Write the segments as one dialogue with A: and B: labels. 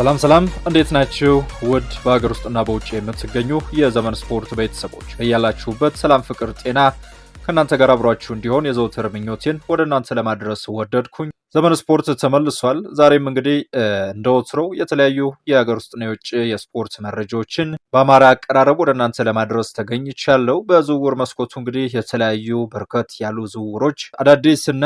A: ሰላም ሰላም፣ እንዴት ናችሁ? ውድ በሀገር ውስጥና በውጭ የምትገኙ የዘመን ስፖርት ቤተሰቦች እያላችሁበት ሰላም፣ ፍቅር፣ ጤና ከእናንተ ጋር አብሯችሁ እንዲሆን የዘውትር ምኞቴን ወደ እናንተ ለማድረስ ወደድኩኝ። ዘመን ስፖርት ተመልሷል። ዛሬም እንግዲህ እንደ ወትሮው የተለያዩ የሀገር ውስጥና የውጭ የስፖርት መረጃዎችን በአማራ አቀራረብ ወደ እናንተ ለማድረስ ተገኝቻለሁ። በዝውውር መስኮቱ እንግዲህ የተለያዩ በርከት ያሉ ዝውውሮች አዳዲስ እና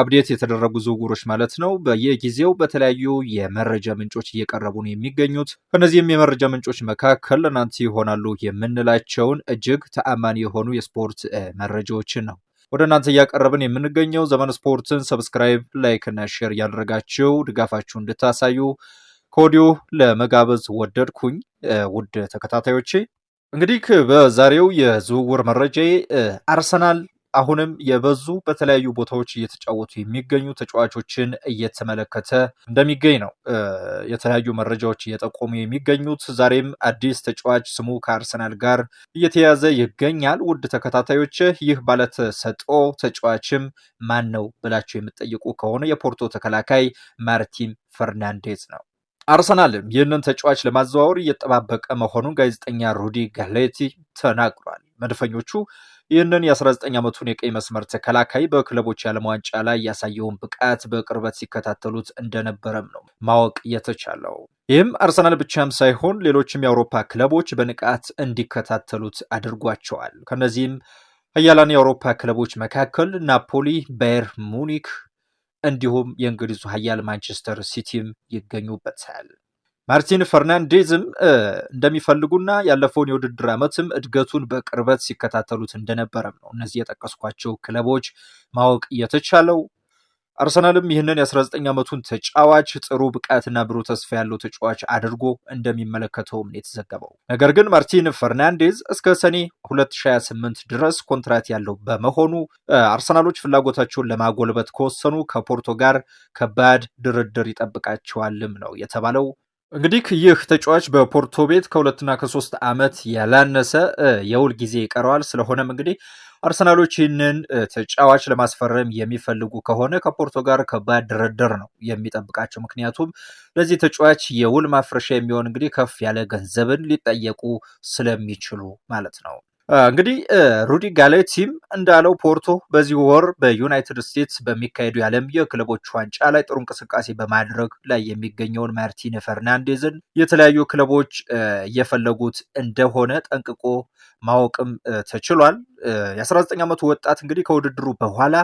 A: አብዴት የተደረጉ ዝውውሮች ማለት ነው በየጊዜው በተለያዩ የመረጃ ምንጮች እየቀረቡ ነው የሚገኙት። ከእነዚህም የመረጃ ምንጮች መካከል እናንተ ይሆናሉ የምንላቸውን እጅግ ተአማኒ የሆኑ የስፖርት መረጃዎችን ነው ወደ እናንተ እያቀረብን የምንገኘው። ዘመን ስፖርትን ሰብስክራይብ፣ ላይክ እና ሼር እያደረጋችሁ ድጋፋችሁ እንድታሳዩ ከወዲሁ ለመጋበዝ ወደድኩኝ። ውድ ተከታታዮቼ እንግዲህ በዛሬው የዝውውር መረጃ አርሰናል አሁንም የበዙ በተለያዩ ቦታዎች እየተጫወቱ የሚገኙ ተጫዋቾችን እየተመለከተ እንደሚገኝ ነው የተለያዩ መረጃዎች እየጠቆሙ የሚገኙት። ዛሬም አዲስ ተጫዋች ስሙ ከአርሰናል ጋር እየተያዘ ይገኛል። ውድ ተከታታዮች ይህ ባለተሰጥኦ ተጫዋችም ማን ነው ብላቸው የምትጠይቁ ከሆነ የፖርቶ ተከላካይ ማርቲን ፈርናንዴዝ ነው። አርሰናልም ይህንን ተጫዋች ለማዘዋወር እየጠባበቀ መሆኑን ጋዜጠኛ ሩዲ ጋሌቲ ተናግሯል። መድፈኞቹ ይህንን የ19 ዓመቱን የቀይ መስመር ተከላካይ በክለቦች የዓለም ዋንጫ ላይ ያሳየውን ብቃት በቅርበት ሲከታተሉት እንደነበረም ነው ማወቅ የተቻለው። ይህም አርሰናል ብቻም ሳይሆን ሌሎችም የአውሮፓ ክለቦች በንቃት እንዲከታተሉት አድርጓቸዋል። ከነዚህም ኃያላን የአውሮፓ ክለቦች መካከል ናፖሊ፣ ባየር ሙኒክ እንዲሁም የእንግሊዙ ኃያል ማንቸስተር ሲቲም ይገኙበታል። ማርቲን ፈርናንዴዝም እንደሚፈልጉና ያለፈውን የውድድር ዓመትም እድገቱን በቅርበት ሲከታተሉት እንደነበረም ነው እነዚህ የጠቀስኳቸው ክለቦች ማወቅ የተቻለው። አርሰናልም ይህንን የ19 ዓመቱን ተጫዋች ጥሩ ብቃትና ብሩህ ተስፋ ያለው ተጫዋች አድርጎ እንደሚመለከተውም የተዘገበው። ነገር ግን ማርቲን ፈርናንዴዝ እስከ ሰኔ 2028 ድረስ ኮንትራት ያለው በመሆኑ አርሰናሎች ፍላጎታቸውን ለማጎልበት ከወሰኑ ከፖርቶ ጋር ከባድ ድርድር ይጠብቃቸዋልም ነው የተባለው። እንግዲህ ይህ ተጫዋች በፖርቶ ቤት ከሁለትና ከሶስት ዓመት ያላነሰ የውል ጊዜ ይቀረዋል። ስለሆነም እንግዲህ አርሰናሎች ይህንን ተጫዋች ለማስፈረም የሚፈልጉ ከሆነ ከፖርቶ ጋር ከባድ ድርድር ነው የሚጠብቃቸው። ምክንያቱም ለዚህ ተጫዋች የውል ማፍረሻ የሚሆን እንግዲህ ከፍ ያለ ገንዘብን ሊጠየቁ ስለሚችሉ ማለት ነው። እንግዲህ ሩዲ ጋሌቲም እንዳለው ፖርቶ በዚህ ወር በዩናይትድ ስቴትስ በሚካሄዱ የዓለም የክለቦች ዋንጫ ላይ ጥሩ እንቅስቃሴ በማድረግ ላይ የሚገኘውን ማርቲን ፈርናንዴዝን የተለያዩ ክለቦች እየፈለጉት እንደሆነ ጠንቅቆ ማወቅም ተችሏል። የ19 ዓመቱ ወጣት እንግዲህ ከውድድሩ በኋላ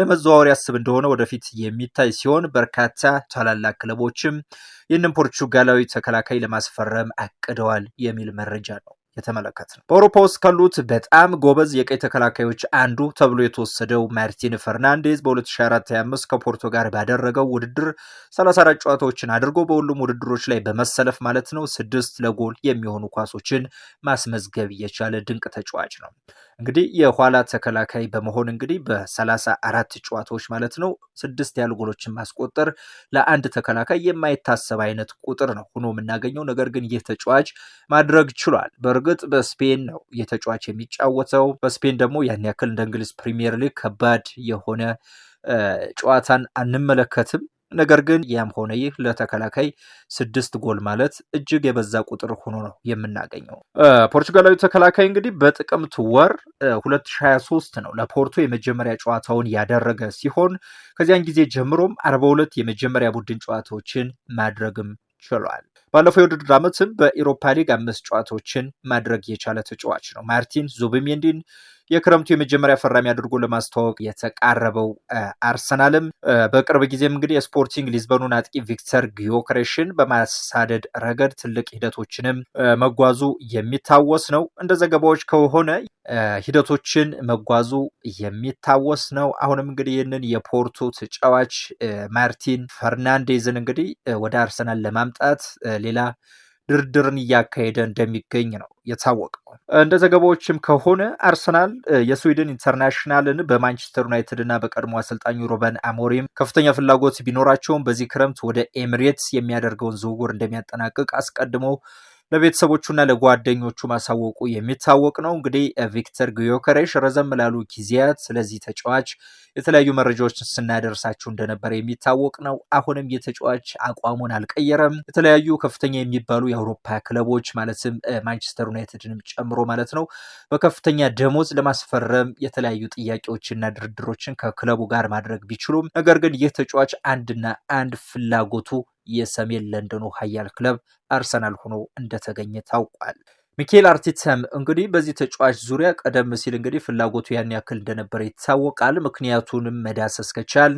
A: ለመዘዋወር ያስብ እንደሆነ ወደፊት የሚታይ ሲሆን በርካታ ታላላቅ ክለቦችም ይህንን ፖርቹጋላዊ ተከላካይ ለማስፈረም አቅደዋል የሚል መረጃ ነው የተመለከት ነው። በአውሮፓ ውስጥ ካሉት በጣም ጎበዝ የቀኝ ተከላካዮች አንዱ ተብሎ የተወሰደው ማርቲን ፈርናንዴዝ በ2024/25 ከፖርቶ ጋር ባደረገው ውድድር 34 ጨዋታዎችን አድርጎ በሁሉም ውድድሮች ላይ በመሰለፍ ማለት ነው ስድስት ለጎል የሚሆኑ ኳሶችን ማስመዝገብ የቻለ ድንቅ ተጫዋች ነው። እንግዲህ የኋላ ተከላካይ በመሆን እንግዲህ በሰላሳ አራት ጨዋታዎች ማለት ነው ስድስት ያሉ ጎሎችን ማስቆጠር ለአንድ ተከላካይ የማይታሰብ አይነት ቁጥር ነው ሆኖ የምናገኘው። ነገር ግን ይህ ተጫዋች ማድረግ ችሏል። በእርግጥ በስፔን ነው ይህ ተጫዋች የሚጫወተው። በስፔን ደግሞ ያን ያክል እንደ እንግሊዝ ፕሪሚየር ሊግ ከባድ የሆነ ጨዋታን አንመለከትም። ነገር ግን ያም ሆነ ይህ ለተከላካይ ስድስት ጎል ማለት እጅግ የበዛ ቁጥር ሆኖ ነው የምናገኘው። ፖርቹጋላዊ ተከላካይ እንግዲህ በጥቅምት ወር 2023 ነው ለፖርቶ የመጀመሪያ ጨዋታውን ያደረገ ሲሆን ከዚያን ጊዜ ጀምሮም 42 የመጀመሪያ ቡድን ጨዋታዎችን ማድረግም ችሏል። ባለፈው የውድድር ዓመትም በኢሮፓ ሊግ አምስት ጨዋታዎችን ማድረግ የቻለ ተጫዋች ነው። ማርቲን ዙብሜንዲን የክረምቱ የመጀመሪያ ፈራሚ አድርጎ ለማስተዋወቅ የተቃረበው አርሰናልም በቅርብ ጊዜም እንግዲህ የስፖርቲንግ ሊዝበኑን አጥቂ ቪክተር ጊዮክሬሽን በማሳደድ ረገድ ትልቅ ሂደቶችንም መጓዙ የሚታወስ ነው። እንደ ዘገባዎች ከሆነ ሂደቶችን መጓዙ የሚታወስ ነው። አሁንም እንግዲህ ይህንን የፖርቱ ተጫዋች ማርቲን ፈርናንዴዝን እንግዲህ ወደ አርሰናል ለማምጣት ሌላ ድርድርን እያካሄደ እንደሚገኝ ነው የታወቀው። እንደ ዘገባዎችም ከሆነ አርሰናል የስዊድን ኢንተርናሽናልን በማንቸስተር ዩናይትድ እና በቀድሞ አሰልጣኙ ሮበን አሞሪም ከፍተኛ ፍላጎት ቢኖራቸውም በዚህ ክረምት ወደ ኤምሬትስ የሚያደርገውን ዝውውር እንደሚያጠናቅቅ አስቀድሞ ለቤተሰቦቹና ለጓደኞቹ ማሳወቁ የሚታወቅ ነው። እንግዲህ ቪክተር ጊዮከሬሽ ረዘም ላሉ ጊዜያት ስለዚህ ተጫዋች የተለያዩ መረጃዎች ስናደርሳችሁ እንደነበረ የሚታወቅ ነው። አሁንም የተጫዋች አቋሙን አልቀየረም። የተለያዩ ከፍተኛ የሚባሉ የአውሮፓ ክለቦች ማለትም ማንቸስተር ዩናይትድንም ጨምሮ ማለት ነው በከፍተኛ ደሞዝ ለማስፈረም የተለያዩ ጥያቄዎችና ድርድሮችን ከክለቡ ጋር ማድረግ ቢችሉም ነገር ግን ይህ ተጫዋች አንድና አንድ ፍላጎቱ የሰሜን ለንደኑ ኃያል ክለብ አርሰናል ሆኖ እንደተገኘ ታውቋል። ሚኬል አርቴታም እንግዲህ በዚህ ተጫዋች ዙሪያ ቀደም ሲል እንግዲህ ፍላጎቱ ያን ያክል እንደነበረ ይታወቃል። ምክንያቱንም መዳሰስ ከቻል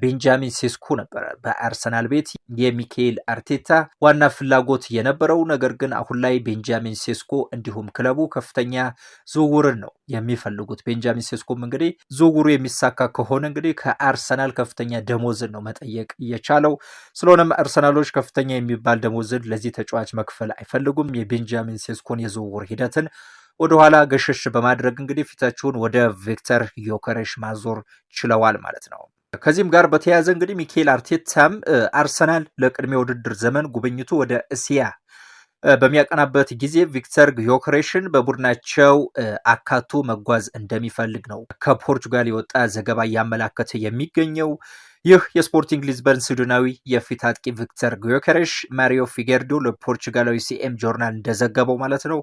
A: ቤንጃሚን ሴስኩ ነበረ በአርሰናል ቤት የሚካኤል አርቴታ ዋና ፍላጎት የነበረው። ነገር ግን አሁን ላይ ቤንጃሚን ሴስኮ እንዲሁም ክለቡ ከፍተኛ ዝውውርን ነው የሚፈልጉት። ቤንጃሚን ሴስኮም እንግዲህ ዝውውሩ የሚሳካ ከሆነ እንግዲህ ከአርሰናል ከፍተኛ ደሞዝን ነው መጠየቅ እየቻለው። ስለሆነም አርሰናሎች ከፍተኛ የሚባል ደሞዝን ለዚህ ተጫዋች መክፈል አይፈልጉም። የቤንጃሚን ሴስኮን የዝውውር ሂደትን ወደኋላ ገሸሽ በማድረግ እንግዲህ ፊታችሁን ወደ ቪክተር ዮከሬሽ ማዞር ችለዋል ማለት ነው። ከዚህም ጋር በተያያዘ እንግዲህ ሚኬል አርቴታም አርሰናል ለቅድሜ ውድድር ዘመን ጉብኝቱ ወደ እስያ በሚያቀናበት ጊዜ ቪክተር ዮክሬሽን በቡድናቸው አካቶ መጓዝ እንደሚፈልግ ነው ከፖርቹጋል የወጣ ዘገባ እያመላከተ የሚገኘው። ይህ የስፖርቲንግ ሊዝበን ስዊድናዊ የፊት አጥቂ ቪክተር ጊዮከሬሽ ማሪዮ ፊጌርዶ ለፖርቹጋላዊ ሲኤም ጆርናል እንደዘገበው ማለት ነው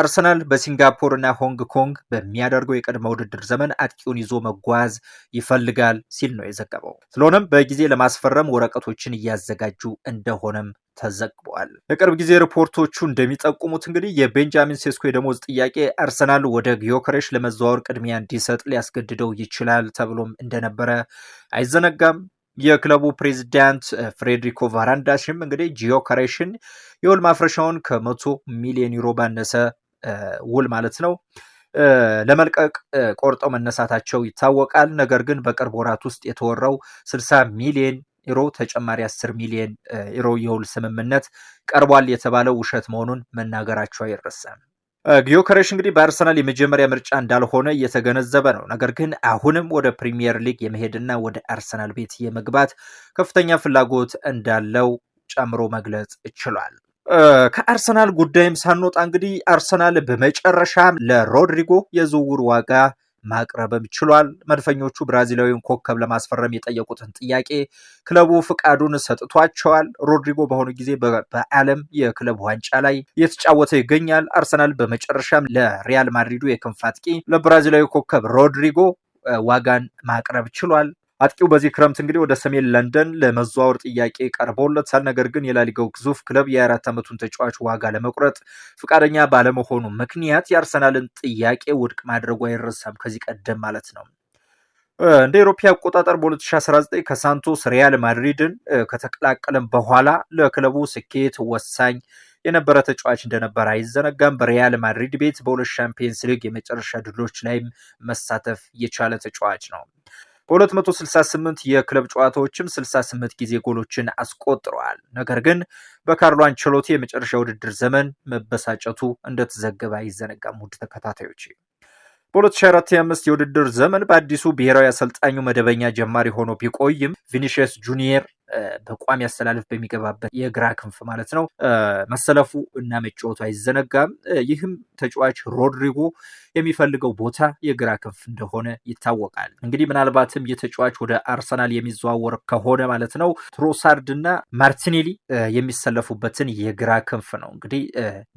A: አርሰናል በሲንጋፖር እና ሆንግ ኮንግ በሚያደርገው የቅድመ ውድድር ዘመን አጥቂውን ይዞ መጓዝ ይፈልጋል ሲል ነው የዘገበው። ስለሆነም በጊዜ ለማስፈረም ወረቀቶችን እያዘጋጁ እንደሆነም ተዘግቧል። የቅርብ ጊዜ ሪፖርቶቹ እንደሚጠቁሙት እንግዲህ የቤንጃሚን ሴስኮ የደሞዝ ጥያቄ አርሰናል ወደ ጊዮከሬሽ ለመዘዋወር ቅድሚያ እንዲሰጥ ሊያስገድደው ይችላል ተብሎም እንደነበረ አይዘነጋም። የክለቡ ፕሬዚዳንት ፍሬድሪኮ ቫራንዳሽም እንግዲህ ጂዮ ከሬሽን የውል ማፍረሻውን ከመቶ ሚሊዮን ዩሮ ባነሰ ውል ማለት ነው ለመልቀቅ ቆርጠው መነሳታቸው ይታወቃል። ነገር ግን በቅርብ ወራት ውስጥ የተወራው 60 ሚሊዮን ዩሮ ተጨማሪ 10 ሚሊዮን ዩሮ የውል ስምምነት ቀርቧል የተባለው ውሸት መሆኑን መናገራቸው አይረሳም። ጊዮከሬሽ እንግዲህ በአርሰናል የመጀመሪያ ምርጫ እንዳልሆነ እየተገነዘበ ነው። ነገር ግን አሁንም ወደ ፕሪሚየር ሊግ የመሄድና ወደ አርሰናል ቤት የመግባት ከፍተኛ ፍላጎት እንዳለው ጨምሮ መግለጽ ችሏል። ከአርሰናል ጉዳይም ሳንወጣ እንግዲህ አርሰናል በመጨረሻም ለሮድሪጎ የዝውውር ዋጋ ማቅረብም ችሏል። መድፈኞቹ ብራዚላዊውን ኮከብ ለማስፈረም የጠየቁትን ጥያቄ ክለቡ ፍቃዱን ሰጥቷቸዋል። ሮድሪጎ በአሁኑ ጊዜ በዓለም የክለብ ዋንጫ ላይ እየተጫወተ ይገኛል። አርሰናል በመጨረሻም ለሪያል ማድሪዱ የክንፍ አጥቂ ለብራዚላዊ ኮከብ ሮድሪጎ ዋጋን ማቅረብ ችሏል። አጥቂው በዚህ ክረምት እንግዲህ ወደ ሰሜን ለንደን ለመዘዋወር ጥያቄ ቀርቦለታል። ነገር ግን የላሊጋው ግዙፍ ክለብ የ24 ዓመቱን ተጫዋች ዋጋ ለመቁረጥ ፈቃደኛ ባለመሆኑ ምክንያት የአርሰናልን ጥያቄ ውድቅ ማድረጉ አይረሳም ከዚህ ቀደም ማለት ነው። እንደ ኢሮፓ አቆጣጠር በ2019 ከሳንቶስ ሪያል ማድሪድን ከተቀላቀለም በኋላ ለክለቡ ስኬት ወሳኝ የነበረ ተጫዋች እንደነበረ አይዘነጋም። በሪያል ማድሪድ ቤት በሁለት ሻምፒየንስ ሊግ የመጨረሻ ድሎች ላይም መሳተፍ የቻለ ተጫዋች ነው። በ268 የክለብ ጨዋታዎችም 68 ጊዜ ጎሎችን አስቆጥረዋል። ነገር ግን በካርሎ አንቸሎቲ የመጨረሻ ውድድር ዘመን መበሳጨቱ እንደተዘገበ አይዘነጋም። ውድ ተከታታዮች በ 2004 የውድድር ዘመን በአዲሱ ብሔራዊ አሰልጣኙ መደበኛ ጀማሪ ሆኖ ቢቆይም ቪኒሽስ ጁኒየር በቋሚ አሰላለፍ በሚገባበት የግራ ክንፍ ማለት ነው መሰለፉ እና መጫወቱ አይዘነጋም። ይህም ተጫዋች ሮድሪጎ የሚፈልገው ቦታ የግራ ክንፍ እንደሆነ ይታወቃል። እንግዲህ ምናልባትም የተጫዋች ወደ አርሰናል የሚዘዋወር ከሆነ ማለት ነው ትሮሳርድ እና ማርቲኔሊ የሚሰለፉበትን የግራ ክንፍ ነው እንግዲህ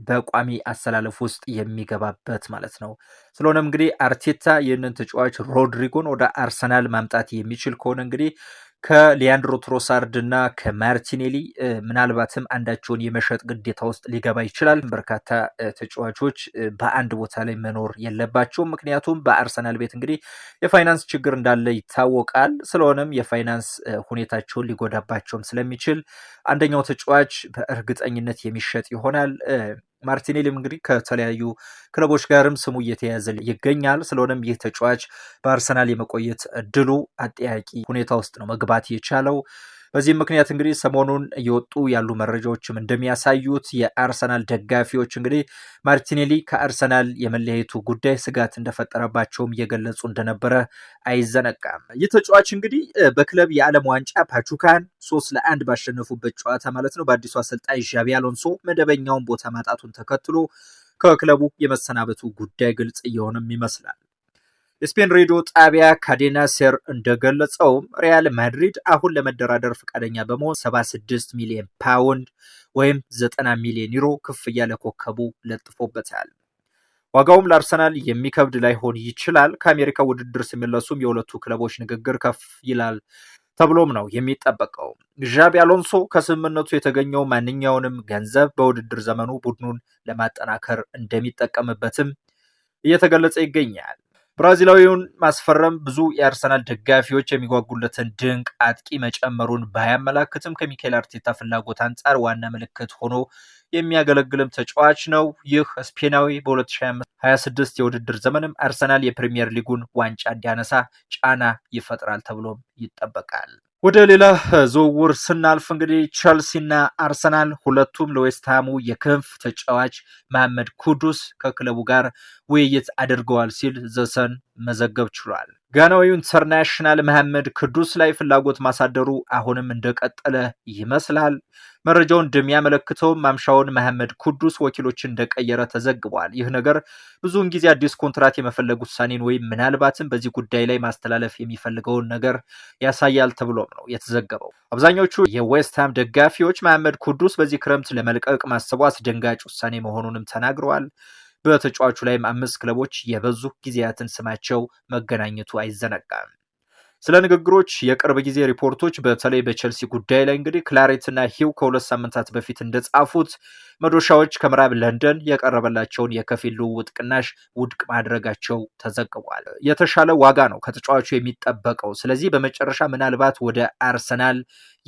A: በቋሚ አስተላለፍ ውስጥ የሚገባበት ማለት ነው። ስለሆነም እንግዲህ አርቴታ ይህንን ተጫዋች ሮድሪጎን ወደ አርሰናል ማምጣት የሚችል ከሆነ እንግዲህ ከሊያንድሮ ትሮሳርድ እና ከማርቲኔሊ ምናልባትም አንዳቸውን የመሸጥ ግዴታ ውስጥ ሊገባ ይችላል። በርካታ ተጫዋቾች በአንድ ቦታ ላይ መኖር የለባቸውም። ምክንያቱም በአርሰናል ቤት እንግዲህ የፋይናንስ ችግር እንዳለ ይታወቃል። ስለሆነም የፋይናንስ ሁኔታቸውን ሊጎዳባቸውም ስለሚችል አንደኛው ተጫዋች በእርግጠኝነት የሚሸጥ ይሆናል። ማርቲኔሊም እንግዲህ ከተለያዩ ክለቦች ጋርም ስሙ እየተያዘ ይገኛል። ስለሆነም ይህ ተጫዋች በአርሰናል የመቆየት እድሉ አጠያቂ ሁኔታ ውስጥ ነው መግባት የቻለው። በዚህም ምክንያት እንግዲህ ሰሞኑን እየወጡ ያሉ መረጃዎችም እንደሚያሳዩት የአርሰናል ደጋፊዎች እንግዲህ ማርቲኔሊ ከአርሰናል የመለያየቱ ጉዳይ ስጋት እንደፈጠረባቸውም እየገለጹ እንደነበረ አይዘነቃም። ይህ ተጫዋች እንግዲህ በክለብ የዓለም ዋንጫ ፓቹካን ሶስት ለአንድ ባሸነፉበት ጨዋታ ማለት ነው በአዲሱ አሰልጣኝ ዣቢ አሎንሶ መደበኛውን ቦታ ማጣቱን ተከትሎ ከክለቡ የመሰናበቱ ጉዳይ ግልጽ እየሆነም ይመስላል። የስፔን ሬዲዮ ጣቢያ ካዴና ሴር እንደገለጸው ሪያል ማድሪድ አሁን ለመደራደር ፈቃደኛ በመሆን 76 ሚሊዮን ፓውንድ ወይም 90 ሚሊዮን ዩሮ ክፍያ ለኮከቡ ለጥፎበታል። ዋጋውም ለአርሰናል የሚከብድ ላይሆን ይችላል። ከአሜሪካ ውድድር ሲመለሱም የሁለቱ ክለቦች ንግግር ከፍ ይላል ተብሎም ነው የሚጠበቀው። ዣቢ አሎንሶ ከስምምነቱ የተገኘው ማንኛውንም ገንዘብ በውድድር ዘመኑ ቡድኑን ለማጠናከር እንደሚጠቀምበትም እየተገለጸ ይገኛል። ብራዚላዊውን ማስፈረም ብዙ የአርሰናል ደጋፊዎች የሚጓጉለትን ድንቅ አጥቂ መጨመሩን ባያመላክትም ከሚካኤል አርቴታ ፍላጎት አንጻር ዋና ምልክት ሆኖ የሚያገለግልም ተጫዋች ነው። ይህ ስፔናዊ በ2026 የውድድር ዘመንም አርሰናል የፕሪምየር ሊጉን ዋንጫ እንዲያነሳ ጫና ይፈጥራል ተብሎም ይጠበቃል። ወደ ሌላ ዝውውር ስናልፍ እንግዲህ ቸልሲና አርሰናል ሁለቱም ለዌስትሃሙ የክንፍ ተጫዋች መሐመድ ኩዱስ ከክለቡ ጋር ውይይት አድርገዋል ሲል ዘሰን መዘገብ ችሏል። ጋናዊው ኢንተርናሽናል መሐመድ ክዱስ ላይ ፍላጎት ማሳደሩ አሁንም እንደቀጠለ ይመስላል። መረጃው እንደሚያመለክተው ማምሻውን መሐመድ ቅዱስ ወኪሎችን እንደቀየረ ተዘግቧል። ይህ ነገር ብዙውን ጊዜ አዲስ ኮንትራት የመፈለግ ውሳኔን ወይም ምናልባትም በዚህ ጉዳይ ላይ ማስተላለፍ የሚፈልገውን ነገር ያሳያል ተብሎም ነው የተዘገበው። አብዛኞቹ የዌስትሃም ደጋፊዎች መሐመድ ቅዱስ በዚህ ክረምት ለመልቀቅ ማሰቡ አስደንጋጭ ውሳኔ መሆኑንም ተናግረዋል። በተጫዋቹ ላይም አምስት ክለቦች የበዙ ጊዜያትን ስማቸው መገናኘቱ አይዘነጋም። ስለ ንግግሮች የቅርብ ጊዜ ሪፖርቶች በተለይ በቸልሲ ጉዳይ ላይ እንግዲህ ክላሬትና ሂው ከሁለት ሳምንታት በፊት እንደጻፉት መዶሻዎች ከምዕራብ ለንደን የቀረበላቸውን የከፊል ልውውጥ ቅናሽ ውድቅ ማድረጋቸው ተዘግቧል። የተሻለ ዋጋ ነው ከተጫዋቹ የሚጠበቀው። ስለዚህ በመጨረሻ ምናልባት ወደ አርሰናል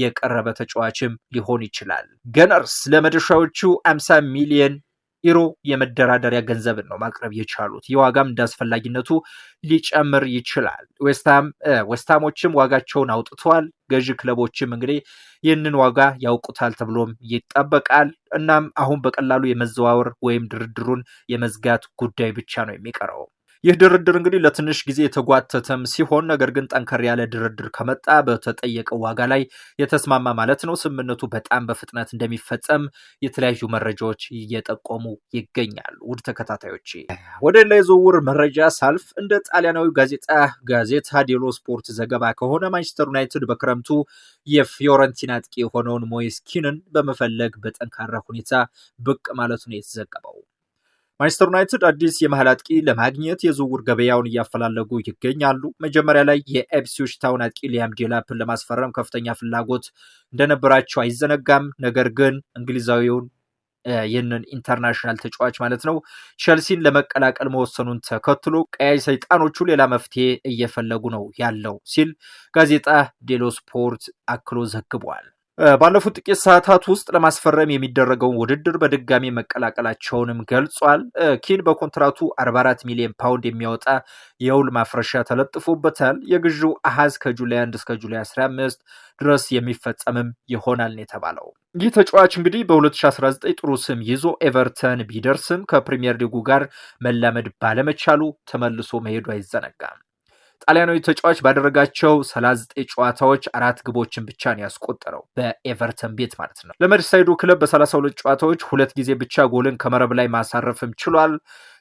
A: የቀረበ ተጫዋችም ሊሆን ይችላል። ገነርስ ለመዶሻዎቹ 50 ሚሊየን ኢሮ የመደራደሪያ ገንዘብን ነው ማቅረብ የቻሉት። ይህ ዋጋም እንደ አስፈላጊነቱ ሊጨምር ይችላል። ወስታሞችም ዋጋቸውን አውጥተዋል። ገዢ ክለቦችም እንግዲህ ይህንን ዋጋ ያውቁታል ተብሎም ይጠበቃል። እናም አሁን በቀላሉ የመዘዋወር ወይም ድርድሩን የመዝጋት ጉዳይ ብቻ ነው የሚቀረው። ይህ ድርድር እንግዲህ ለትንሽ ጊዜ የተጓተተም ሲሆን ነገር ግን ጠንከር ያለ ድርድር ከመጣ በተጠየቀ ዋጋ ላይ የተስማማ ማለት ነው። ስምምነቱ በጣም በፍጥነት እንደሚፈጸም የተለያዩ መረጃዎች እየጠቆሙ ይገኛሉ። ውድ ተከታታዮች ወደ ሌላ የዝውውር መረጃ ሳልፍ እንደ ጣሊያናዊ ጋዜጣ ጋዜታ ዴሎ ስፖርት ዘገባ ከሆነ ማንቸስተር ዩናይትድ በክረምቱ የፊዮረንቲና አጥቂ የሆነውን ሞይስኪንን በመፈለግ በጠንካራ ሁኔታ ብቅ ማለቱ ነው የተዘገበው። ማንቸስተር ዩናይትድ አዲስ የመሀል አጥቂ ለማግኘት የዝውውር ገበያውን እያፈላለጉ ይገኛሉ። መጀመሪያ ላይ የኢፕስዊች ታውን አጥቂ ሊያም ዴላፕን ለማስፈረም ከፍተኛ ፍላጎት እንደነበራቸው አይዘነጋም። ነገር ግን እንግሊዛዊውን ይህንን ኢንተርናሽናል ተጫዋች ማለት ነው ቸልሲን ለመቀላቀል መወሰኑን ተከትሎ ቀያይ ሰይጣኖቹ ሌላ መፍትሄ እየፈለጉ ነው ያለው ሲል ጋዜጣ ዴሎ ስፖርት አክሎ ዘግቧል። ባለፉት ጥቂት ሰዓታት ውስጥ ለማስፈረም የሚደረገውን ውድድር በድጋሚ መቀላቀላቸውንም ገልጿል። ኪን በኮንትራቱ 44 ሚሊዮን ፓውንድ የሚያወጣ የውል ማፍረሻ ተለጥፎበታል። የግዢው አሃዝ ከጁላይ 1 እስከ ጁላይ 15 ድረስ የሚፈጸምም ይሆናል ነው የተባለው። ይህ ተጫዋች እንግዲህ በ2019 ጥሩ ስም ይዞ ኤቨርተን ቢደርስም ከፕሪምየር ሊጉ ጋር መላመድ ባለመቻሉ ተመልሶ መሄዱ አይዘነጋም። ጣሊያናዊ ተጫዋች ባደረጋቸው 39 ጨዋታዎች አራት ግቦችን ብቻ ነው ያስቆጠረው በኤቨርተን ቤት ማለት ነው። ለመርሳይዱ ክለብ በ32 ጨዋታዎች ሁለት ጊዜ ብቻ ጎልን ከመረብ ላይ ማሳረፍም ችሏል።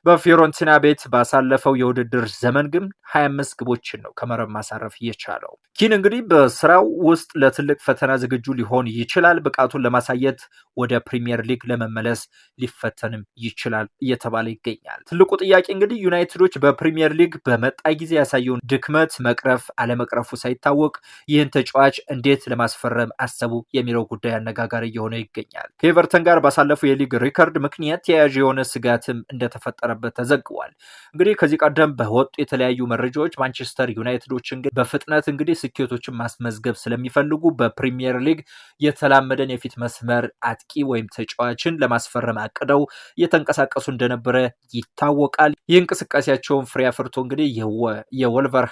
A: በፊዮረንቲና ቤት ባሳለፈው የውድድር ዘመን ግን 25 ግቦችን ነው ከመረብ ማሳረፍ የቻለው። ኪን እንግዲህ በስራው ውስጥ ለትልቅ ፈተና ዝግጁ ሊሆን ይችላል። ብቃቱን ለማሳየት ወደ ፕሪሚየር ሊግ ለመመለስ ሊፈተንም ይችላል እየተባለ ይገኛል። ትልቁ ጥያቄ እንግዲህ ዩናይትዶች በፕሪሚየር ሊግ በመጣ ጊዜ ያሳየውን ድክመት መቅረፍ አለመቅረፉ ሳይታወቅ ይህን ተጫዋች እንዴት ለማስፈረም አሰቡ የሚለው ጉዳይ አነጋጋሪ እየሆነ ይገኛል። ከኤቨርተን ጋር ባሳለፉ የሊግ ሪከርድ ምክንያት ተያያዥ የሆነ ስጋትም እንደተፈጠረ እንደተፈጠረበት ተዘግቧል። እንግዲህ ከዚህ ቀደም በወጡ የተለያዩ መረጃዎች ማንቸስተር ዩናይትዶች እንግዲህ በፍጥነት እንግዲህ ስኬቶችን ማስመዝገብ ስለሚፈልጉ በፕሪሚየር ሊግ የተላመደን የፊት መስመር አጥቂ ወይም ተጫዋችን ለማስፈረም አቅደው እየተንቀሳቀሱ እንደነበረ ይታወቃል። ይህ እንቅስቃሴያቸውን ፍሬ አፍርቶ እንግዲህ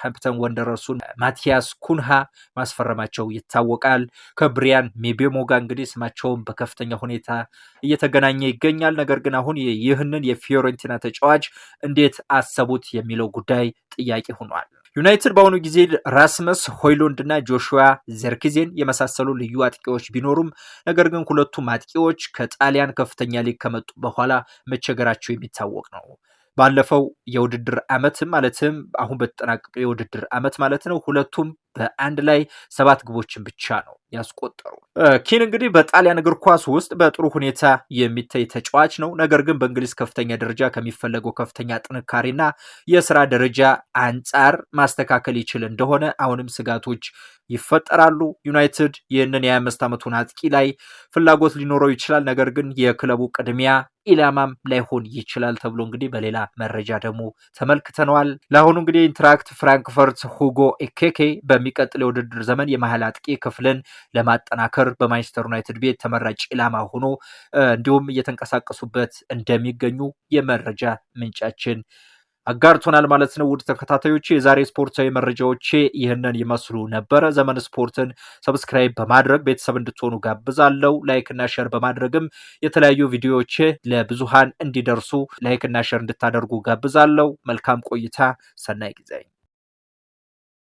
A: ሃምፕተን ወንደረሱን ማቲያስ ኩንሃ ማስፈረማቸው ይታወቃል። ከብሪያን ሜቤሞ ጋር እንግዲህ ስማቸውን በከፍተኛ ሁኔታ እየተገናኘ ይገኛል። ነገር ግን አሁን ይህንን የፊዮሬንቲና ተጫዋች እንዴት አሰቡት የሚለው ጉዳይ ጥያቄ ሆኗል። ዩናይትድ በአሁኑ ጊዜ ራስመስ ሆይሉንድ እና ጆሹዋ ዘርኪዜን የመሳሰሉ ልዩ አጥቂዎች ቢኖሩም ነገር ግን ሁለቱም አጥቂዎች ከጣሊያን ከፍተኛ ሊግ ከመጡ በኋላ መቸገራቸው የሚታወቅ ነው። ባለፈው የውድድር ዓመት ማለትም አሁን በተጠናቀቀው የውድድር ዓመት ማለት ነው ሁለቱም በአንድ ላይ ሰባት ግቦችን ብቻ ነው ያስቆጠሩ። ኪን እንግዲህ በጣሊያን እግር ኳስ ውስጥ በጥሩ ሁኔታ የሚታይ ተጫዋች ነው። ነገር ግን በእንግሊዝ ከፍተኛ ደረጃ ከሚፈለገው ከፍተኛ ጥንካሬና የስራ ደረጃ አንጻር ማስተካከል ይችል እንደሆነ አሁንም ስጋቶች ይፈጠራሉ። ዩናይትድ ይህንን የ25 ዓመቱን አጥቂ ላይ ፍላጎት ሊኖረው ይችላል። ነገር ግን የክለቡ ቅድሚያ ኢላማም ላይሆን ይችላል ተብሎ እንግዲህ በሌላ መረጃ ደግሞ ተመልክተነዋል። ለአሁኑ እንግዲህ ኢንትራክት ፍራንክፈርት ሁጎ ኤኬኬ በሚቀጥል የውድድር ዘመን የመሀል አጥቂ ክፍልን ለማጠናከር በማንቸስተር ዩናይትድ ቤት ተመራጭ ኢላማ ሆኖ እንዲሁም እየተንቀሳቀሱበት እንደሚገኙ የመረጃ ምንጫችን አጋርቶናል ማለት ነው። ውድ ተከታታዮቼ የዛሬ ስፖርታዊ መረጃዎቼ ይህንን ይመስሉ ነበረ። ዘመን ስፖርትን ሰብስክራይብ በማድረግ ቤተሰብ እንድትሆኑ ጋብዛለሁ። ላይክና ሸር በማድረግም የተለያዩ ቪዲዮዎቼ ለብዙሃን እንዲደርሱ ላይክና ሸር እንድታደርጉ ጋብዛለሁ። መልካም ቆይታ፣ ሰናይ ጊዜ